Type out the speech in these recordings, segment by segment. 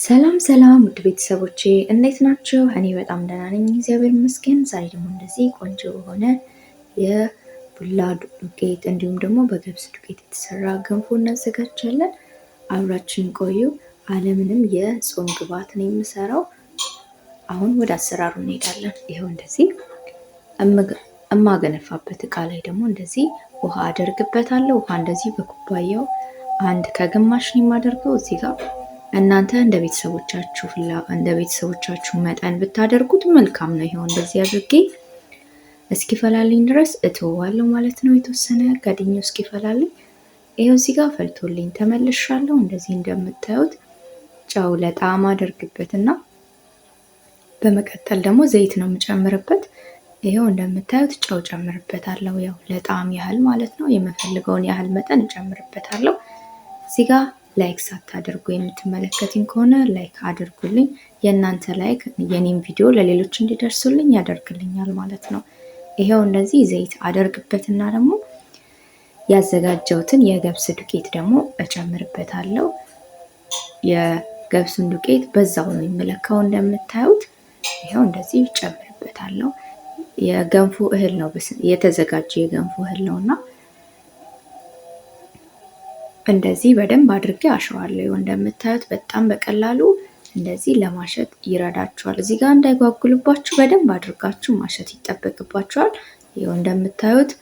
ሰላም ሰላም ውድ ቤተሰቦቼ እንዴት ናችሁ? እኔ በጣም ደህና ነኝ፣ እግዚአብሔር ይመስገን። ዛሬ ደግሞ እንደዚህ ቆንጆ የሆነ የቡላ ዱቄት እንዲሁም ደግሞ በገብስ ዱቄት የተሰራ ገንፎ እናዘጋጃለን። አብራችን ቆዩ። አለምንም የጾም ግብዓት ነው የምሰራው። አሁን ወደ አሰራሩ እንሄዳለን። ይኸው እንደዚህ እማገነፋበት እቃ ላይ ደግሞ እንደዚህ ውሃ አደርግበታለሁ። ውሃ እንደዚህ በኩባያው አንድ ከግማሽ ነው የማደርገው እዚህ ጋር እናንተ እንደ ቤተሰቦቻችሁ እንደ ቤተሰቦቻችሁ መጠን ብታደርጉት መልካም ነው። ይኸው እንደዚህ አድርጌ እስኪፈላልኝ ድረስ እተወዋለሁ ማለት ነው። የተወሰነ ጋድኜ እስኪፈላልኝ ይሄው እዚህ ጋር ፈልቶልኝ ተመልሻለሁ። እንደዚህ እንደምታዩት ጨው ለጣዕም አደርግበትና በመቀጠል ደግሞ ዘይት ነው የምጨምርበት። ይሄው እንደምታዩት ጨው ጨምርበታለሁ፣ ያው ለጣዕም ያህል ማለት ነው። የምፈልገውን ያህል መጠን እጨምርበታለሁ እዚህ ጋር ላይክ ሳታደርጉ የምትመለከትኝ ከሆነ ላይክ አድርጉልኝ። የእናንተ ላይክ የኔም ቪዲዮ ለሌሎች እንዲደርሱልኝ ያደርግልኛል ማለት ነው። ይሄው እንደዚህ ዘይት አደርግበትና ደግሞ ያዘጋጀሁትን የገብስ ዱቄት ደግሞ እጨምርበታለሁ። የገብሱን ዱቄት በዛው ነው የሚለካው እንደምታዩት። ይኸው እንደዚህ እጨምርበታለሁ። የገንፎ እህል ነው የተዘጋጀ የገንፎ እህል ነውና እንደዚህ በደንብ አድርጌ አሸዋለሁ። እንደምታዩት በጣም በቀላሉ እንደዚህ ለማሸት ይረዳችኋል። እዚህ ጋር እንዳይጓጉልባችሁ በደንብ አድርጋችሁ ማሸት ይጠበቅባችኋል። ይኸው እንደምታዩት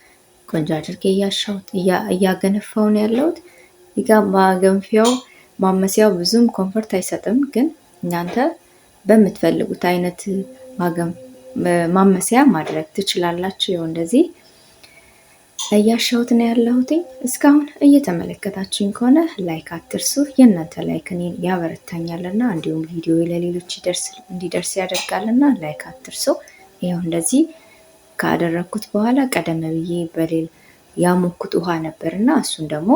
ቆንጆ አድርጌ እያሻሁት እያገነፋው ያለሁት። እዚህ ጋር ማገንፊያው ማመስያው ብዙም ኮንፈርት አይሰጥም፣ ግን እናንተ በምትፈልጉት አይነት ማመስያ ማድረግ ትችላላችሁ። ይኸው እንደዚህ እያሻውት ነው ያለሁት። እስካሁን እየተመለከታችሁኝ ከሆነ ላይክ አትርሱ። የእናንተ ላይክ እኔን ያበረታኛልና እንዲሁም ቪዲዮ ለሌሎች እንዲደርስ ያደርጋልና ላይክ አትርሱ። ይኸው እንደዚህ ካደረግኩት በኋላ ቀደም ብዬ በሌል ያሞኩት ውሃ ነበርና እሱን ደግሞ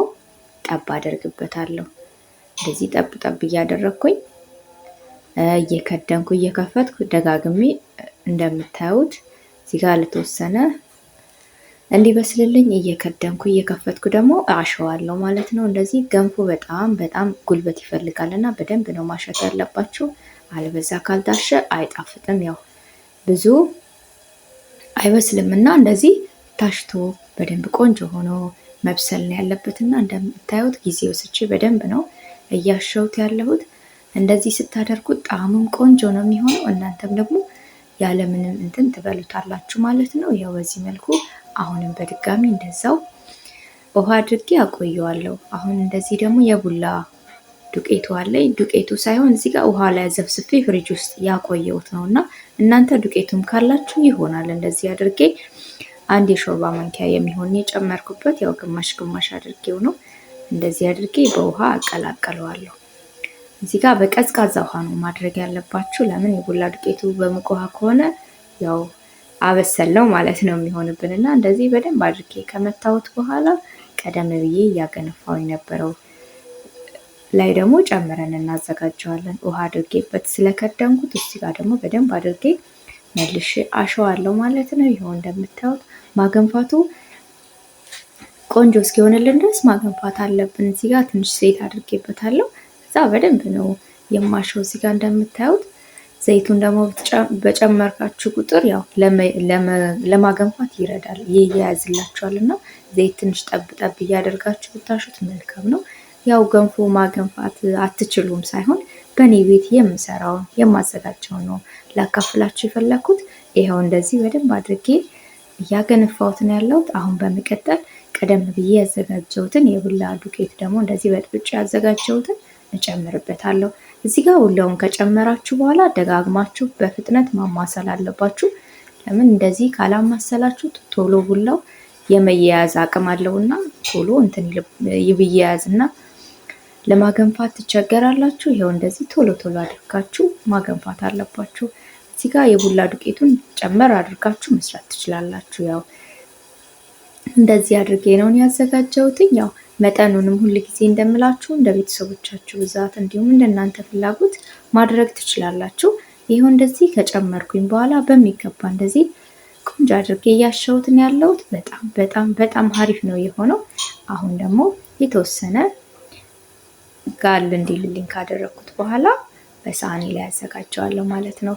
ጠብ አደርግበታለሁ። እንደዚህ ጠብ ጠብ እያደረግኩኝ እየከደንኩ እየከፈትኩ ደጋግሜ እንደምታዩት እዚህ ጋር ለተወሰነ እንዲበስልልኝ እየከደንኩ እየከፈትኩ ደግሞ አሸዋለሁ ማለት ነው። እንደዚህ ገንፎ በጣም በጣም ጉልበት ይፈልጋል እና በደንብ ነው ማሸት ያለባችሁ። አልበዛ ካልታሸ አይጣፍጥም። ያው ብዙ አይበስልም እና እንደዚህ ታሽቶ በደንብ ቆንጆ ሆኖ መብሰል ነው ያለበት እና እንደምታዩት ጊዜ ወስቼ በደንብ ነው እያሸውት ያለሁት። እንደዚህ ስታደርጉት ጣዕሙም ቆንጆ ነው የሚሆነው። እናንተም ደግሞ ያለምንም እንትን ትበሉታላችሁ ማለት ነው። ያው በዚህ መልኩ አሁንም በድጋሚ እንደዛው ውሃ አድርጌ አቆየዋለሁ። አሁን እንደዚህ ደግሞ የቡላ ዱቄቱ አለኝ። ዱቄቱ ሳይሆን እዚህ ጋር ውሃ ላይ ዘፍስፌ ፍሪጅ ውስጥ ያቆየሁት ነው እና እናንተ ዱቄቱም ካላችሁ ይሆናል። እንደዚህ አድርጌ አንድ የሾርባ ማንኪያ የሚሆን የጨመርኩበት ያው ግማሽ ግማሽ አድርጌው ነው። እንደዚህ አድርጌ በውሃ አቀላቀለዋለሁ። እዚህ ጋር በቀዝቃዛ ውሃ ነው ማድረግ ያለባችሁ። ለምን የቡላ ዱቄቱ በሙቅ ውሃ ከሆነ ያው አበሰለው ማለት ነው የሚሆንብን እና እንደዚህ በደንብ አድርጌ ከመታወት በኋላ ቀደም ብዬ እያገነፋው የነበረው ላይ ደግሞ ጨምረን እናዘጋጀዋለን። ውሃ አድርጌበት ስለከደንኩት እዚህ ጋር ደግሞ በደንብ አድርጌ መልሽ አሸዋለው ማለት ነው። ይኸው እንደምታዩት ማገንፋቱ ቆንጆ እስኪሆንልን ድረስ ማገንፋት አለብን። እዚህ ጋር ትንሽ ሴት አድርጌበታለሁ። እዛ በደንብ ነው የማሸው። እዚህ ጋር እንደምታዩት ዘይቱን ደግሞ በጨመርካችሁ ቁጥር ያው ለማገንፋት ይረዳል ይያያዝላችኋል እና ዘይት ትንሽ ጠብጠብ እያደርጋችሁ ብታሹት መልካም ነው። ያው ገንፎ ማገንፋት አትችሉም ሳይሆን በእኔ ቤት የምሰራውን የማዘጋጀውን ነው ላካፍላችሁ የፈለኩት። ይኸው እንደዚህ በደንብ አድርጌ እያገነፋሁት ነው ያለሁት። አሁን በመቀጠል ቀደም ብዬ ያዘጋጀሁትን የቡላ ዱቄት ደግሞ እንደዚህ በጥብጬ ያዘጋጀሁትን እጨምርበታለሁ። እዚህ ጋር ቡላውን ከጨመራችሁ በኋላ ደጋግማችሁ በፍጥነት ማማሰል አለባችሁ። ለምን እንደዚህ ካላማሰላችሁት ቶሎ ቡላው የመያያዝ አቅም አለውና ቶሎ እንትን ይብያያዝና ለማገንፋት ትቸገራላችሁ። ይኸው እንደዚህ ቶሎ ቶሎ አድርጋችሁ ማገንፋት አለባችሁ። እዚህ ጋር የቡላ ዱቄቱን ጨመር አድርጋችሁ መስራት ትችላላችሁ። ያው እንደዚህ አድርጌ ነውን ያዘጋጀሁትኝ ያው መጠኑንም ጊዜ እንደምላችሁ እንደ ቤተሰቦቻችሁ ብዛት እንዲሁም እንደናንተ ፍላጎት ማድረግ ትችላላችሁ። ይኸው እንደዚህ ከጨመርኩኝ በኋላ በሚገባ እንደዚህ ቆንጆ አድርጌ እያሸሁትን ያለሁት በጣም በጣም በጣም አሪፍ ነው የሆነው። አሁን ደግሞ የተወሰነ ጋል እንዲልልኝ ካደረግኩት በኋላ በሳህኔ ላይ ያዘጋጀዋለሁ ማለት ነው።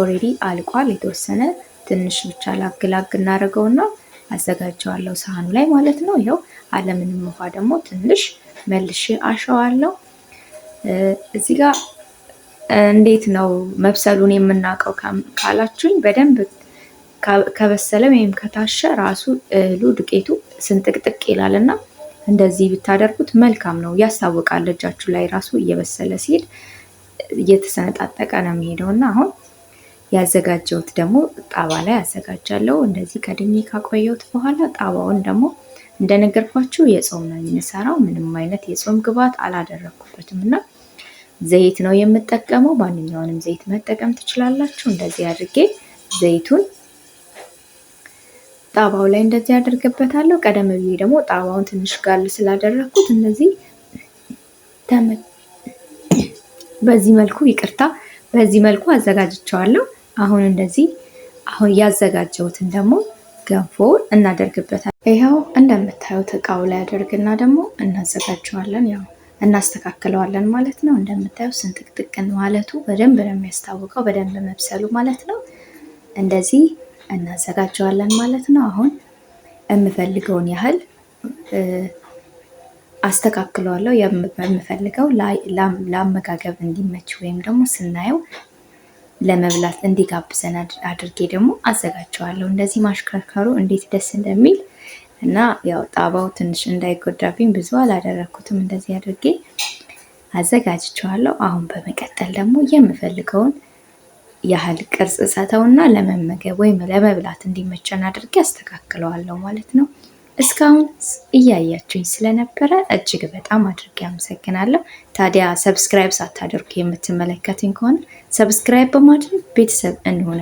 ኦሬዲ አልቋል። የተወሰነ ትንሽ ብቻ ላግላግ እናደርገውና አዘጋጀዋለሁ ሳህኑ ላይ ማለት ነው። ይኸው አለምንም ውሃ ደግሞ ትንሽ መልሼ አሸዋለሁ። እዚህ ጋር እንዴት ነው መብሰሉን የምናውቀው ካላችሁኝ በደንብ ከበሰለ ወይም ከታሸ ራሱ እህሉ ዱቄቱ ስንጥቅጥቅ ይላል እና እንደዚህ ብታደርጉት መልካም ነው። ያስታውቃል እጃችሁ ላይ ራሱ እየበሰለ ሲሄድ እየተሰነጣጠቀ ነው የሚሄደው እና አሁን ያዘጋጀሁት ደግሞ ጣባ ላይ አዘጋጃለሁ። እንደዚህ ከድሜ ካቆየሁት በኋላ ጣባውን ደግሞ እንደነገርኳችሁ የጾም ነው የምንሰራው። ምንም አይነት የጾም ግብዓት አላደረግኩበትም እና ዘይት ነው የምጠቀመው። ማንኛውንም ዘይት መጠቀም ትችላላችሁ። እንደዚህ አድርጌ ዘይቱን ጣባው ላይ እንደዚህ አደርግበታለሁ። ቀደም ብዬ ደግሞ ጣባውን ትንሽ ጋል ስላደረግኩት እንደዚህ በዚህ መልኩ ይቅርታ፣ በዚህ መልኩ አዘጋጅቸዋለሁ። አሁን እንደዚህ አሁን ያዘጋጀሁትን ደግሞ ገንፎ እናደርግበታል። ይኸው እንደምታዩት እቃው ላይ አደርግና ደግሞ እናዘጋጀዋለን። ያው እናስተካክለዋለን ማለት ነው። እንደምታዩ ስንጥቅጥቅን ማለቱ በደንብ ነው የሚያስታውቀው፣ በደንብ መብሰሉ ማለት ነው። እንደዚህ እናዘጋጀዋለን ማለት ነው። አሁን የምፈልገውን ያህል አስተካክለዋለሁ። የምፈልገው ለአመጋገብ እንዲመች ወይም ደግሞ ስናየው ለመብላት እንዲጋብዘን አድርጌ ደግሞ አዘጋጀዋለሁ። እንደዚህ ማሽከርከሩ እንዴት ደስ እንደሚል እና ያው ጣባው ትንሽ እንዳይጎዳብኝ ብዙ አላደረግኩትም። እንደዚህ አድርጌ አዘጋጅቸዋለሁ። አሁን በመቀጠል ደግሞ የምፈልገውን ያህል ቅርጽ ሰተውና ለመመገብ ወይም ለመብላት እንዲመቸን አድርጌ አስተካክለዋለሁ ማለት ነው። እስካሁን እያያችሁኝ ስለነበረ እጅግ በጣም አድርጌ አመሰግናለሁ። ታዲያ ሰብስክራይብ ሳታደርጉ የምትመለከትኝ ከሆነ ሰብስክራይብ በማድረግ ቤተሰብ እንሆን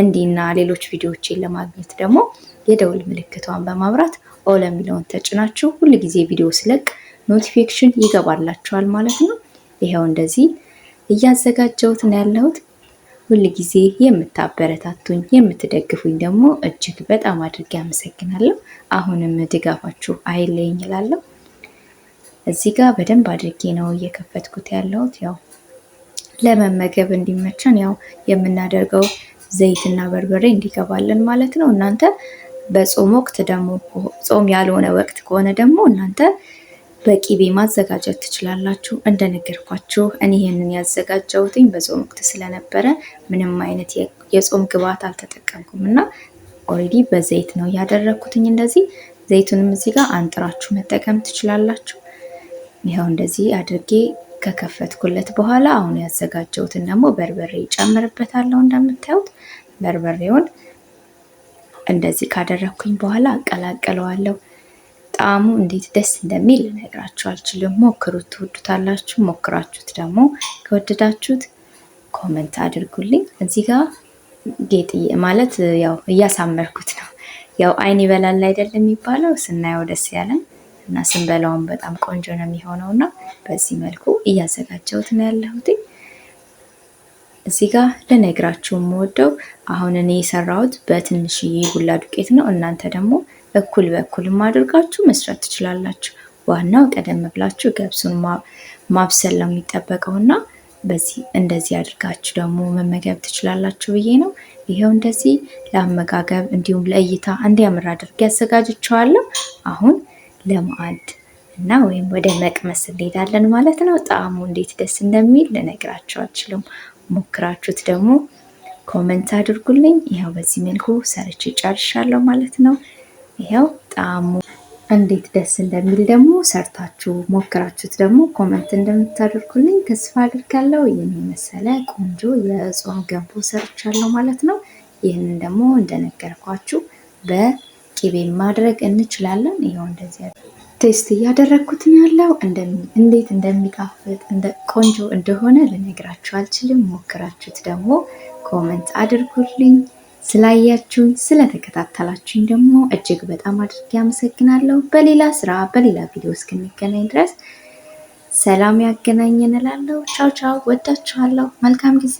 እንዲህና ሌሎች ቪዲዮዎችን ለማግኘት ደግሞ የደውል ምልክቷን በማብራት ኦል የሚለውን ተጭናችሁ ሁል ጊዜ ቪዲዮ ስለቅ ኖቲፊኬሽን ይገባላችኋል ማለት ነው። ይኸው እንደዚህ እያዘጋጀሁት ነው ያለሁት። ጊዜ የምታበረታቱኝ የምትደግፉኝ ደግሞ እጅግ በጣም አድርጌ አመሰግናለሁ። አሁንም ድጋፋችሁ አይለኝ እላለሁ። እዚህ ጋር በደንብ አድርጌ ነው እየከፈትኩት ያለሁት። ያው ለመመገብ እንዲመቸን ያው የምናደርገው ዘይትና በርበሬ እንዲገባልን ማለት ነው። እናንተ በጾም ወቅት ደግሞ ጾም ያልሆነ ወቅት ከሆነ ደግሞ እናንተ በቂቤ ማዘጋጀት ትችላላችሁ። እንደነገርኳችሁ እኔ ይህንን ያዘጋጀሁትኝ በጾም ወቅት ስለነበረ ምንም አይነት የጾም ግብዓት አልተጠቀምኩም እና ኦልሬዲ በዘይት ነው ያደረግኩትኝ። እንደዚህ ዘይቱንም እዚህ ጋር አንጥራችሁ መጠቀም ትችላላችሁ። ይኸው እንደዚህ አድርጌ ከከፈትኩለት በኋላ አሁን ያዘጋጀሁትን ደግሞ በርበሬ ይጨምርበታለሁ። እንደምታዩት በርበሬውን እንደዚህ ካደረግኩኝ በኋላ አቀላቅለዋለሁ። ጣዕሙ እንዴት ደስ እንደሚል ልነግራችሁ አልችልም። ሞክሩት፣ ትወዱታላችሁ። ሞክራችሁት ደግሞ ከወደዳችሁት ኮመንት አድርጉልኝ። እዚህ ጋር ጌጥ ማለት ያው እያሳመርኩት ነው። ያው አይን ይበላል አይደለም የሚባለው። ስናየው ደስ ያለን እና ስንበላውን በጣም ቆንጆ ነው የሚሆነው እና በዚህ መልኩ እያዘጋጀሁት ነው ያለሁት። እዚህ ጋር ልነግራችሁ የምወደው አሁን እኔ የሰራሁት በትንሽዬ ጉላ ዱቄት ነው። እናንተ ደግሞ እኩል በኩልም አድርጋችሁ መስራት ትችላላችሁ። ዋናው ቀደም ብላችሁ ገብሱን ማብሰል ነው የሚጠበቀው እና በዚህ እንደዚህ አድርጋችሁ ደግሞ መመገብ ትችላላችሁ ብዬ ነው። ይሄው እንደዚህ ለአመጋገብ እንዲሁም ለእይታ እንዲያምር አድርጌ ያዘጋጅቸዋለሁ። አሁን ለማዕድ እና ወይም ወደ መቅመስ እንሄዳለን ማለት ነው። ጣዕሙ እንዴት ደስ እንደሚል ልነግራችሁ አልችልም። ሞክራችሁት ደግሞ ኮመንት አድርጉልኝ። ይኸው በዚህ መልኩ ሰርቼ ጨርሻለሁ ማለት ነው። ይኸው ጣዕሙ እንዴት ደስ እንደሚል ደግሞ ሰርታችሁ ሞክራችሁት ደግሞ ኮመንት እንደምታደርጉልኝ ተስፋ አድርጋለሁ። ይህን የመሰለ ቆንጆ የጾም ገንፎ ሰርቻለሁ ማለት ነው። ይህንን ደግሞ እንደነገርኳችሁ በቂቤ ማድረግ እንችላለን። ይኸው እንደዚህ ቴስት እያደረግኩት ያለው እንዴት እንደሚጣፍጥ ቆንጆ እንደሆነ ልነግራችሁ አልችልም። ሞክራችሁት ደግሞ ኮመንት አድርጉልኝ። ስላያችሁኝ ስለተከታተላችሁኝ ደግሞ እጅግ በጣም አድርጌ አመሰግናለሁ። በሌላ ስራ በሌላ ቪዲዮ እስክንገናኝ ድረስ ሰላም ያገናኘን እላለሁ። ቻው ቻው። ወዳችኋለሁ። መልካም ጊዜ